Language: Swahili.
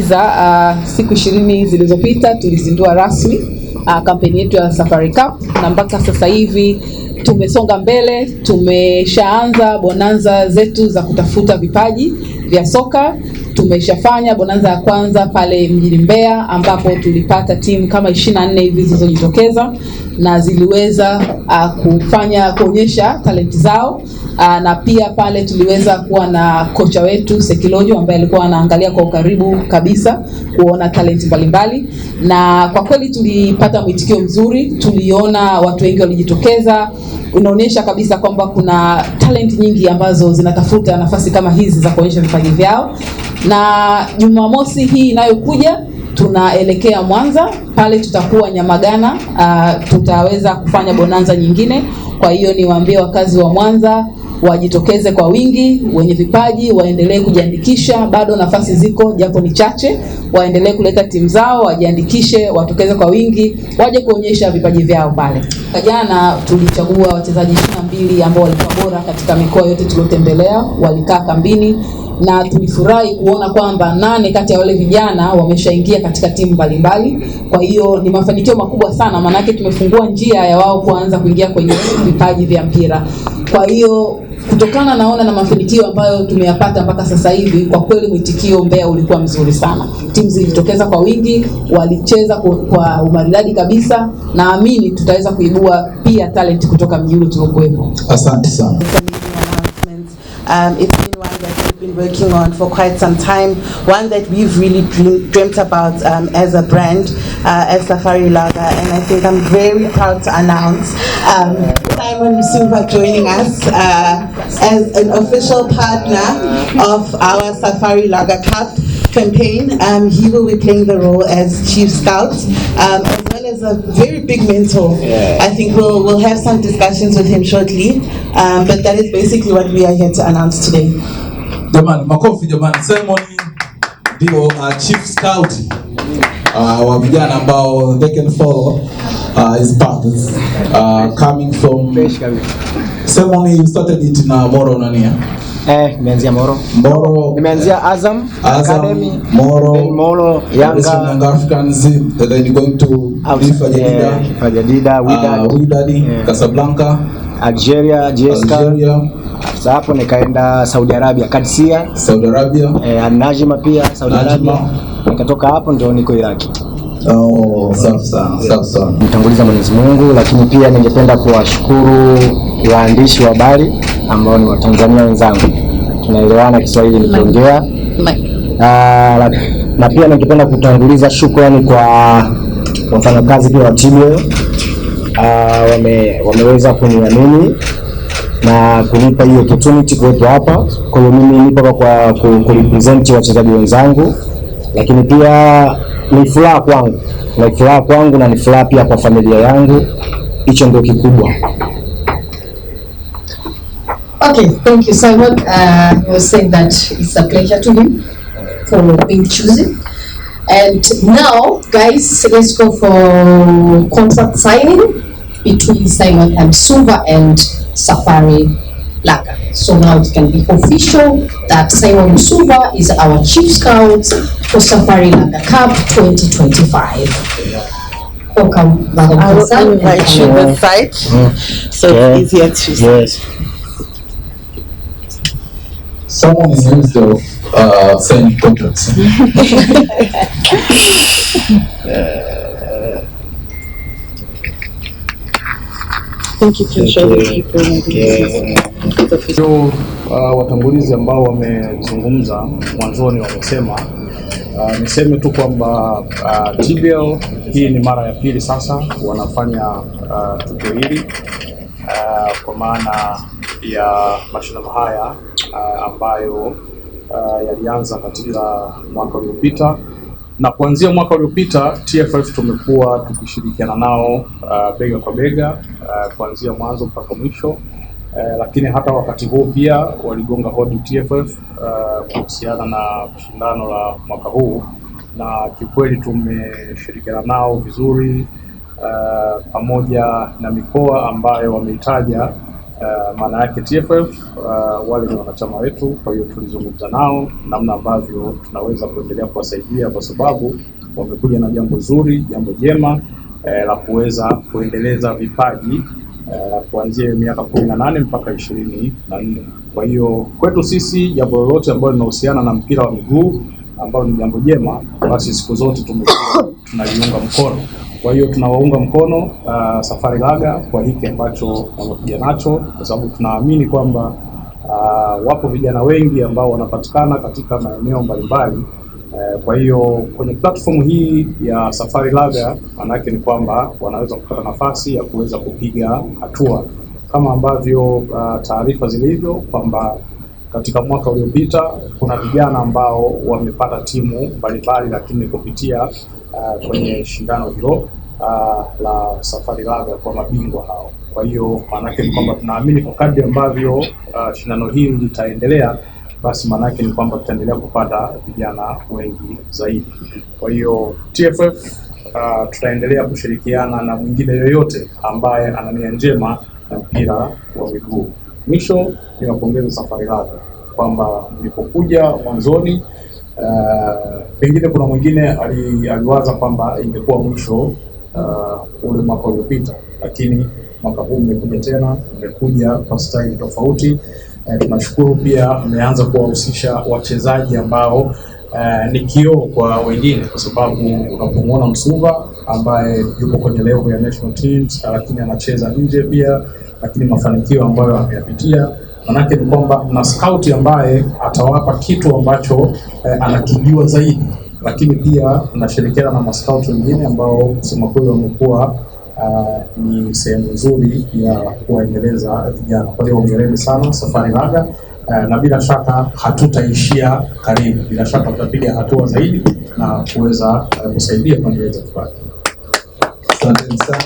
Za, uh, siku ishirini zilizopita tulizindua rasmi uh, kampeni yetu ya Safari Cup na mpaka sasa hivi tumesonga mbele, tumeshaanza bonanza zetu za kutafuta vipaji vya soka Tumeshafanya bonanza ya kwanza pale mjini Mbeya ambapo tulipata timu kama 24 hivi zilizojitokeza na ziliweza uh, kufanya kuonyesha talenti zao uh, na pia pale tuliweza kuwa na kocha wetu Sekilojo ambaye alikuwa anaangalia kwa ukaribu kabisa kuona talenti mbalimbali, na kwa kweli tulipata mwitikio mzuri, tuliona watu wengi walijitokeza unaonyesha kabisa kwamba kuna talenti nyingi ambazo zinatafuta nafasi kama hizi za kuonyesha vipaji vyao na Jumamosi hii inayokuja tunaelekea Mwanza, pale tutakuwa Nyamagana. Uh, tutaweza kufanya bonanza nyingine. Kwa hiyo niwaambie wakazi wa Mwanza wajitokeze kwa wingi, wenye vipaji waendelee kujiandikisha, bado nafasi ziko japo ni chache, waendelee kuleta timu zao, wajiandikishe, watokeze kwa wingi, waje kuonyesha vipaji vyao pale. Jana tulichagua wachezaji ishirini na mbili ambao walikuwa bora katika mikoa yote tuliotembelea, walikaa kambini na tulifurahi kuona kwamba nane kati ya wale vijana wameshaingia katika timu mbalimbali. Kwa hiyo ni mafanikio makubwa sana, maanake tumefungua njia ya wao kuanza kuingia kwenye vipaji vya mpira. Kwa hiyo kutokana naona na mafanikio ambayo tumeyapata mpaka sasa hivi, kwa kweli mwitikio Mbeya ulikuwa mzuri sana. Timu zilitokeza kwa wingi, walicheza kwa umaridadi kabisa. Naamini tutaweza kuibua pia talent kutoka mji ule tuliokuwepo. Asante sana. Um, it's been one that we've been working on for quite some time, one that we've really dream, dreamt about um, as a brand, uh, as Safari Lager, and I think I'm very proud to announce um, Simon Musumba joining us uh, as an official partner of our Safari Lager Cup campaign. Um, he will be playing the role as chief scout, um, as well as a very big mentor. I think we'll we'll have some discussions with him shortly. Um, but that is basically what we are here to announce today. Jaman, makofi man, ceremony the uh, chief scout uh, wa vijana ambao they can follow uh, his path uh, coming from sema you started it na Moro nania Eh, nimeanzia Moro. Moro. Nimeanzia uh, Azam, Azam Academy. Moro. Then Moro Yanga. Then Young Africans then going to Lifa Jadida. Lifa Jadida, uh, Wydad. Uh, Wydad, yeah. Casablanca. Algeria, JSK. Algeria. Sasa hapo nikaenda Saudi Arabia, Qadsia. Saudi Arabia. Eh, najma pia Saudi Arabia nikatoka hapo ndio niko Iraki. Oh, safi sana, safi sana. Mtanguliza Mwenyezi Mungu, lakini pia ningependa kuwashukuru waandishi wa habari ambao ni Watanzania wenzangu, tunaelewana Kiswahili nikiongea ah, na pia ningependa kutanguliza shukrani kwa wafanyakazi pia wa Tigo ah, wame, wameweza kuniamini na kunipa hiyo opportunity kuwepo hapa. Kwa hiyo mimi nipo kwa kurepresent wachezaji wenzangu lakini pia ni furaha kwangu, ni furaha kwangu na ni furaha pia kwa familia yangu. Hicho ndio kikubwa. Okay, thank you Simon. Uh, you said that it's a pleasure to him for being chosen. And now, guys, let's go for contract signing between Simon and Suva and Safari. Laga. So now it can be official that Simon Musuba is our Chief Scout for Safari Laga Cup 2025. Welcome, Madam I will invite you to the site mm. so yeah. it's easier to Yes. Someone used the uh, same tokens. Uh, think you can show the people maybe. Uh, watangulizi ambao wamezungumza mwanzoni wamesema Uh, niseme tu kwamba uh, TBL hii ni mara ya pili sasa wanafanya uh, tukio hili uh, kwa maana ya mashindano haya uh, ambayo uh, yalianza katika mwaka uliopita na kuanzia mwaka uliopita TFF tumekuwa tukishirikiana nao uh, bega kwa bega uh, kuanzia mwanzo mpaka mwisho uh, lakini hata wakati huo pia waligonga hodi TFF uh, kuhusiana na shindano la mwaka huu, na kiukweli tumeshirikiana nao vizuri uh, pamoja na mikoa ambayo wameitaja Eh, maana yake TFF uh, eh, wale ni wanachama wetu, kwa hiyo tulizungumza nao namna ambavyo tunaweza kuendelea kuwasaidia, kwa sababu wamekuja na jambo zuri, jambo jema eh, la kuweza kuendeleza vipaji eh, kuanzia miaka kumi na nane mpaka ishirini na nne. Kwa hiyo kwetu sisi jambo lolote ambalo linahusiana na mpira wa miguu ambalo ni jambo jema, basi siku zote tumekuwa tunaliunga mkono. Kwa hiyo tunawaunga mkono uh, Safari Laga kwa hiki ambacho wamekuja nacho, kwa sababu tunaamini kwamba uh, wapo vijana wengi ambao wanapatikana katika maeneo mbalimbali uh, kwa hiyo kwenye platform hii ya Safari Laga, manake ni kwamba wanaweza kupata nafasi ya kuweza kupiga hatua kama ambavyo uh, taarifa zilivyo kwamba katika mwaka uliopita kuna vijana ambao wamepata timu mbalimbali, lakini kupitia uh, kwenye shindano hilo uh, la Safari raga kwa mabingwa hao. Kwa hiyo maanake ni kwamba tunaamini kwa kadri ambavyo uh, shindano hili litaendelea basi maanake ni kwamba tutaendelea kupata vijana wengi zaidi. Kwa hiyo TFF uh, tutaendelea kushirikiana na mwingine yoyote ambaye ana nia njema na mpira wa miguu. Mwisho ninapongeza safari yako kwamba mlipokuja mwanzoni, eh, pengine uh, kuna mwingine aliwaza kwamba ingekuwa mwisho uh, ule mwaka uliopita, lakini mwaka huu mmekuja tena, mmekuja kwa staili tofauti. Uh, tunashukuru pia mmeanza kuwahusisha wachezaji ambao Uh, ni kioo kwa wengine kwa sababu unapomwona Msuva ambaye yuko kwenye level ya national teams, lakini anacheza nje pia lakini mafanikio ambayo ameyapitia manake ni kwamba na scout ambaye atawapa kitu ambacho eh, anakijua zaidi, lakini pia nashirikiana na mascout wengine ambao kusema kweli wamekuwa uh, ni sehemu nzuri ya kuwaendeleza vijana. Kwa hiyo ongereni sana Safari Raga uh, na bila shaka hatutaishia karibu, bila shaka tutapiga hatua zaidi na kuweza uh, kusaidia kuendeleza kipaji. Asanteni sana.